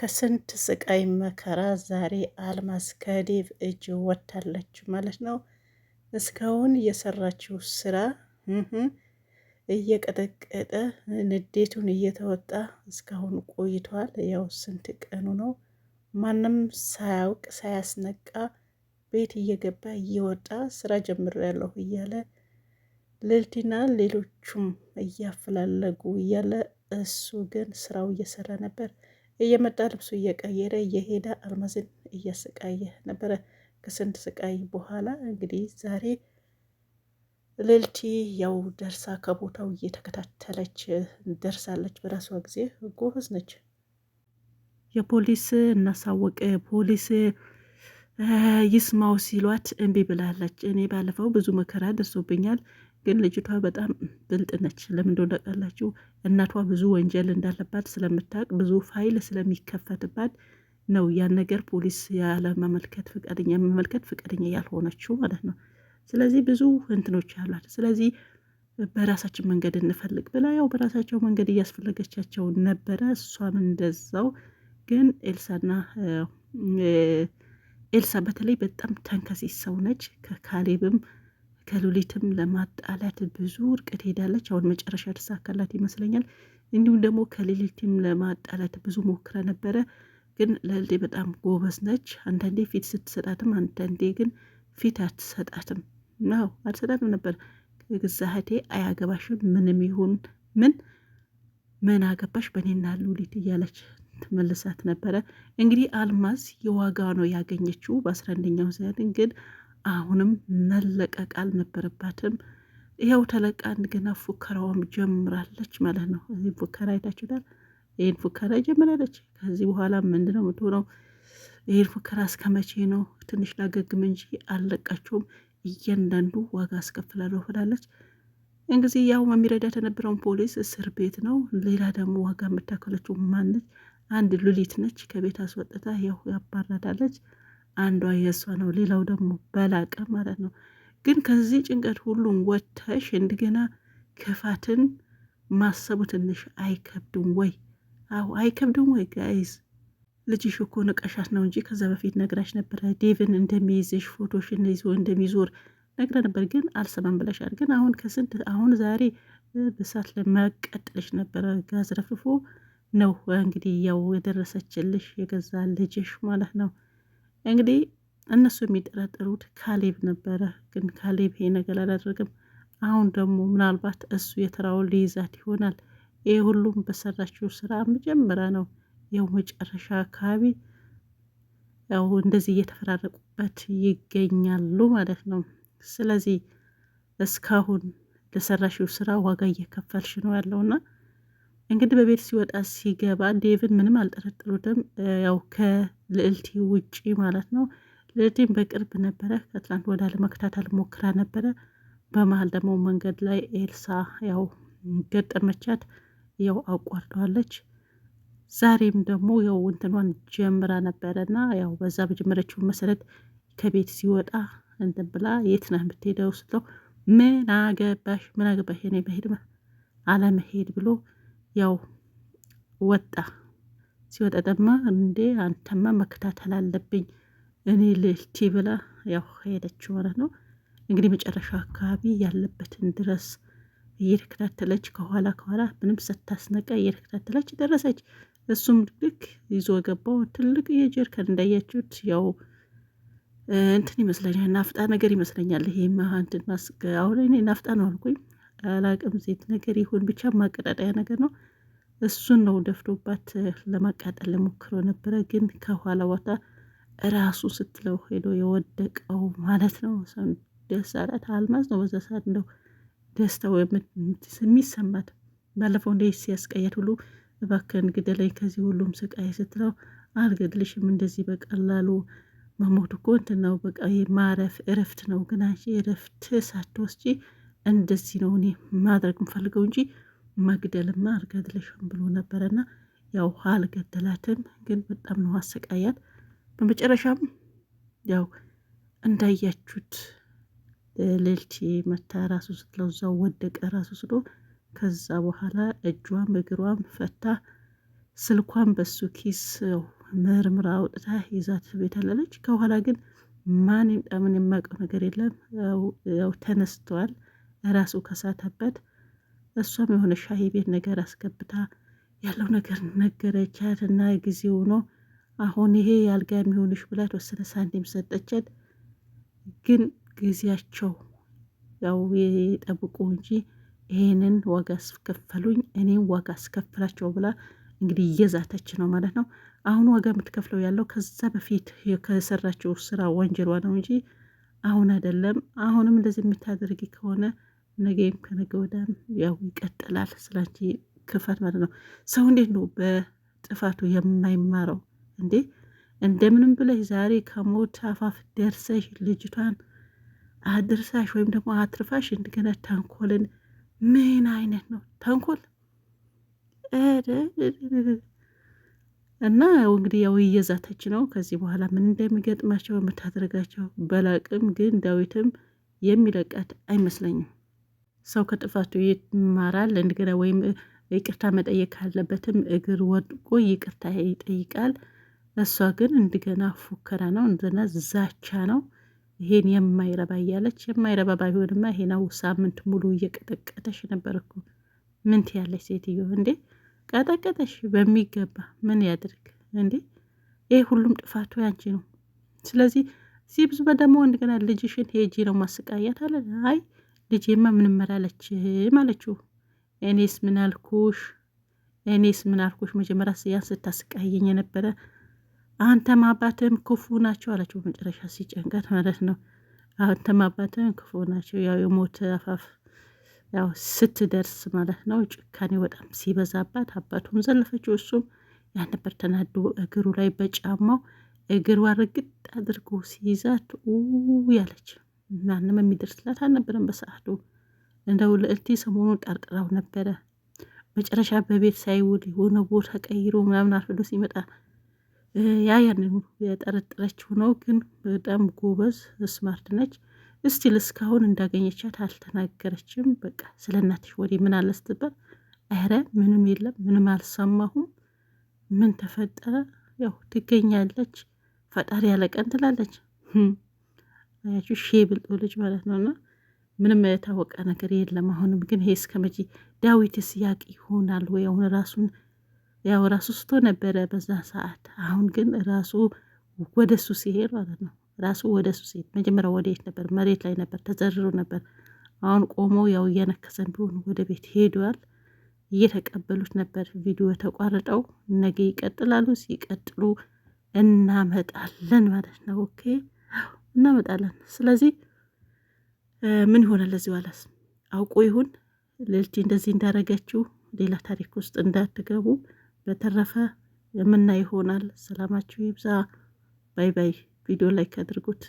ከስንት ስቃይ መከራ ዛሬ አልማዝ ከዴቭ እጅ ወታለች ማለት ነው። እስካሁን የሰራችው ስራ እየቀጠቀጠ ንዴቱን እየተወጣ እስካሁን ቆይቷል። ያው ስንት ቀኑ ነው ማንም ሳያውቅ ሳያስነቃ ቤት እየገባ እየወጣ ስራ ጀምሬያለሁ እያለ ልልቲና ሌሎቹም እያፈላለጉ እያለ እሱ ግን ስራው እየሰራ ነበር። እየመጣ ልብሱ እየቀየረ እየሄደ አልማዝን እያሰቃየ ነበረ። ከስንት ስቃይ በኋላ እንግዲህ ዛሬ ልልቲ ያው ደርሳ ከቦታው እየተከታተለች ደርሳለች። በራሷ ጊዜ ጎበዝ ነች። የፖሊስ እናሳወቀ ፖሊስ ይስማው ሲሏት እምቢ ብላለች። እኔ ባለፈው ብዙ መከራ ደርሶብኛል ግን ልጅቷ በጣም ብልጥ ነች። ለምን እንደሆነ ታውቃላችሁ? እናቷ ብዙ ወንጀል እንዳለባት ስለምታውቅ ብዙ ፋይል ስለሚከፈትባት ነው ያን ነገር ፖሊስ ያለመመልከት ፍቃደኛ መመልከት ፍቃደኛ ያልሆነችው ማለት ነው። ስለዚህ ብዙ እንትኖች አሏት። ስለዚህ በራሳችን መንገድ እንፈልግ ብላ ያው በራሳቸው መንገድ እያስፈለገቻቸው ነበረ። እሷም እንደዛው ግን ኤልሳና ኤልሳ በተለይ በጣም ተንከሴ ሰው ነች ከካሌብም ከሉሊትም ለማጣላት ብዙ እርቀት ሄዳለች። አሁን መጨረሻ ተሳካላት ይመስለኛል። እንዲሁም ደግሞ ከሉሊትም ለማጣላት ብዙ ሞክረ ነበረ፣ ግን ሉሊት በጣም ጎበዝ ነች። አንዳንዴ ፊት ስትሰጣትም፣ አንዳንዴ ግን ፊት አትሰጣትም። ናው አትሰጣትም ነበር። ግዛህቴ አያገባሽም፣ ምንም ይሁን ምን ምን አገባሽ በእኔና ሉሊት እያለች ትመልሳት ነበረ። እንግዲህ አልማዝ የዋጋ ነው ያገኘችው በአስራ አንደኛው ሰዓት ግን አሁንም መለቀቅ አልነበረባትም። ይኸው ተለቃ እንደገና ፉከራዋም ጀምራለች ማለት ነው። እዚህ ፉከራ አይታችሁታል። ይህን ፉከራ ጀምራለች። ከዚህ በኋላ ምንድነው ነው የምትሆነው? ይህን ፉከራ እስከ መቼ ነው? ትንሽ ላገግም እንጂ አልለቃቸውም፣ እያንዳንዱ ዋጋ አስከፍላለሁ ብላለች። እንግዲህ ያው የሚረዳት የነበረውን ፖሊስ እስር ቤት ነው። ሌላ ደግሞ ዋጋ የምታከለችው ማነች? አንድ ሉሊት ነች። ከቤት አስወጥታ ያው ያባረዳለች። አንዷ የእሷ ነው፣ ሌላው ደግሞ በላቀ ማለት ነው። ግን ከዚህ ጭንቀት ሁሉም ወጥተሽ እንደገና ክፋትን ማሰቡ ትንሽ አይከብድም ወይ? አዎ አይከብድም ወይ? ጋይዝ ልጅሽ እኮ ንቀሻት ነው እንጂ ከዛ በፊት ነግራሽ ነበረ። ዴቭን እንደሚይዝሽ ፎቶሽ ይዞ እንደሚዞር ነግረ ነበር፣ ግን አልሰማም ብለሻል። ግን አሁን ከስንት አሁን ዛሬ በሳት ለመቀጠልሽ ነበረ። ጋዝ ረፍፎ ነው እንግዲህ ያው የደረሰችልሽ የገዛ ልጅሽ ማለት ነው። እንግዲህ እነሱ የሚጠረጥሩት ካሌብ ነበረ። ግን ካሌብ ይሄ ነገር አላደረግም። አሁን ደግሞ ምናልባት እሱ የተራውን ሊይዛት ይሆናል። ይህ ሁሉም በሰራችው ስራ መጀመሪያ ነው። ያው መጨረሻ አካባቢ ያው እንደዚህ እየተፈራረቁበት ይገኛሉ ማለት ነው። ስለዚህ እስካሁን ለሰራሽው ስራ ዋጋ እየከፈልሽ ነው ያለውና እንግዲህ በቤት ሲወጣ ሲገባ ዴቭን ምንም አልጠረጠሩትም። ያው ከልዕልቲ ውጪ ማለት ነው። ልዕልቲን በቅርብ ነበረ ከትላንት ወዳ ለመከታተል ሞክራ ነበረ። በመሀል ደግሞ መንገድ ላይ ኤልሳ ያው ገጠመቻት። ያው አቋርጠዋለች። ዛሬም ደግሞ ያው እንትኗን ጀምራ ነበረ ነበረና ያው በዛ በጀመረችው መሰረት ከቤት ሲወጣ እንትን ብላ የት ነህ የምትሄደው ስትለው ምን አገባሽ ምን አገባሽ እኔ መሄድ አለመሄድ ብሎ ያው ወጣ። ሲወጣ ደግሞ እንዴ አንተማ መከታተል አለብኝ እኔ ልልቲ ብላ ያው ሄደች ማለት ነው። እንግዲህ መጨረሻ አካባቢ ያለበትን ድረስ እየተከታተለች ከኋላ ከኋላ ምንም ስታስነቃ እየተከታተለች ደረሰች። እሱም ልክ ይዞ ገባው። ትልቅ የጀርከን እንዳያችሁት ያው እንትን ይመስለኛል ናፍጣ ነገር ይመስለኛል። ይሄ ማንትን ማስገ አሁን እኔ ናፍጣ ነው አልኩኝ። አላቅም ዜት ነገር ይሁን ብቻ ማቀጣጠያ ነገር ነው። እሱን ነው ደፍቶባት ለማቃጠል ለሞክረው ነበረ፣ ግን ከኋላ ቦታ ራሱ ስትለው ሄዶ የወደቀው ማለት ነው። ደስ አላት። አልማዝ ነው በዛ ሰዓት እንደው ደስታው የሚሰማት ባለፈው እንደ ሲያስቀያት ሁሉ እባክህን ግደለኝ ከዚህ ሁሉም ስቃይ ስትለው አልገድልሽም እንደዚህ በቀላሉ መሞት እኮ እንትን ነው በቃ ማረፍ እረፍት ነው። ግን አንቺ እረፍት ሳትወስጂ እንደዚህ ነው እኔ ማድረግ ምፈልገው እንጂ መግደልማ አልገድልሽም ብሎ ነበረና ያው አልገደላትም፣ ግን በጣም ነው አሰቃያት። በመጨረሻም ያው እንዳያችሁት ልልቲ መታ ራሱ ስትለው እዛው ወደቀ ራሱ ስሎ ከዛ በኋላ እጇም እግሯም ፈታ ስልኳን በሱ ኪስ መርምራ አውጥታ ይዛት ቤት አለለች። ከኋላ ግን ማን ምን የማውቀው ነገር የለም ያው ተነስተዋል። ራሱ ከሳተበት እሷም የሆነ ሻይ ቤት ነገር አስገብታ ያለው ነገር ነገረቻት እና ጊዜ ሆኖ አሁን ይሄ ያልጋ የሚሆንሽ ብላ የተወሰነ ሳንቲም ሰጠቻት። ግን ጊዜያቸው ያው የጠብቁ እንጂ ይሄንን ዋጋ አስከፈሉኝ፣ እኔም ዋጋ አስከፍላቸው ብላ እንግዲህ እየዛተች ነው ማለት ነው። አሁን ዋጋ የምትከፍለው ያለው ከዛ በፊት ከሰራችው ስራ ወንጀሏ ነው እንጂ አሁን አይደለም። አሁንም እንደዚህ የምታደርጊ ከሆነ ነገም ከነገ ወዳም ያው ይቀጥላል። ስላንቺ ክፋት ማለት ነው። ሰው እንዴት ነው በጥፋቱ የማይማረው እንዴ? እንደምንም ብለሽ ዛሬ ከሞት አፋፍ ደርሰሽ ልጅቷን አድርሳሽ ወይም ደግሞ አትርፋሽ እንደገና ተንኮልን ምን አይነት ነው ተንኮል? እና ያው እንግዲህ ያው እየዛተች ነው። ከዚህ በኋላ ምን እንደሚገጥማቸው የምታደርጋቸው በላቅም፣ ግን ዳዊትም የሚለቃት አይመስለኝም። ሰው ከጥፋቱ ይማራል። እንደገና ወይም ይቅርታ መጠየቅ ካለበትም እግር ወድቆ ይቅርታ ይጠይቃል። እሷ ግን እንደገና ፉከራ ነው፣ እንደገና ዛቻ ነው። ይሄን የማይረባ እያለች የማይረባ ባይሆንማ ይሄናው ሳምንት ሙሉ እየቀጠቀጠሽ ነበር እኮ ምን ትያለች ሴትዮ? እንዴ ቀጠቀጠሽ በሚገባ ምን ያድርግ እንዴ? ይህ ሁሉም ጥፋቱ ያንቺ ነው። ስለዚህ እዚህ ብዙ ደግሞ እንደገና ልጅሽን ሄጂ ነው ማሰቃያት አለ አይ ልጄማ ምንመላለች ማለችው። እኔስ ምን አልኩሽ? እኔስ ምን አልኩሽ? መጀመሪያ ያን ስታስቃየኝ የነበረ አንተም አባትም ክፉ ናቸው አለችው። መጨረሻ ሲጨንቀት ማለት ነው። አንተም አባትም ክፉ ናቸው። ያው የሞት አፋፍ ያው ስትደርስ ማለት ነው። ጭካኔ በጣም ሲበዛባት አባቱም ዘለፈችው። እሱም ያን ነበር ተናዶ እግሩ ላይ በጫማው እግሯ ርግጥ አድርጎ ሲይዛት ያለች ማንም የሚደርስላት አልነበረም በሰዓቱ። እንደው ልዕልቲ ሰሞኑን ጠርጥራው ነበረ። መጨረሻ በቤት ሳይውል የሆነ ቦታ ቀይሮ ምናምን አርፍዶ ሲመጣ ያ ያንን የጠረጠረችው ነው። ግን በጣም ጎበዝ ስማርት ነች። እስቲል እስካሁን እንዳገኘቻት አልተናገረችም። በቃ ስለ እናትሽ ወዴ ምን አለ ስትባል ምንም የለም ምንም አልሰማሁም፣ ምን ተፈጠረ? ያው ትገኛለች ፈጣሪ ያለ ቀን ትላለች። አያችሁ ሼ ብልጦ ልጅ ማለት ነው። እና ምንም የታወቀ ነገር የለም። አሁንም ግን ይሄ እስከ መቼ ዳዊትስ ያቅ ይሆናል ወይ? አሁን ራሱን ያው ራሱ ስቶ ነበረ በዛ ሰዓት። አሁን ግን ራሱ ወደ እሱ ሲሄድ ማለት ነው። ራሱ ወደ እሱ ሲሄድ መጀመሪያ ወደየት ነበር? መሬት ላይ ነበር፣ ተዘርሮ ነበር። አሁን ቆሞ ያው እየነከሰን ቢሆን ወደ ቤት ሄዷል። እየተቀበሉት ነበር። ቪዲዮ ተቋርጠው ነገ ይቀጥላሉ። ሲቀጥሉ እናመጣለን ማለት ነው። ኦኬ እናመጣለን። ስለዚህ ምን ይሆናል? ለዚህ ዋላስ አውቆ ይሁን ሉሊት እንደዚህ እንዳረገችው ሌላ ታሪክ ውስጥ እንዳትገቡ። በተረፈ የምና ይሆናል። ሰላማችሁ ይብዛ። ባይ ባይ። ቪዲዮ ላይክ አድርጉት።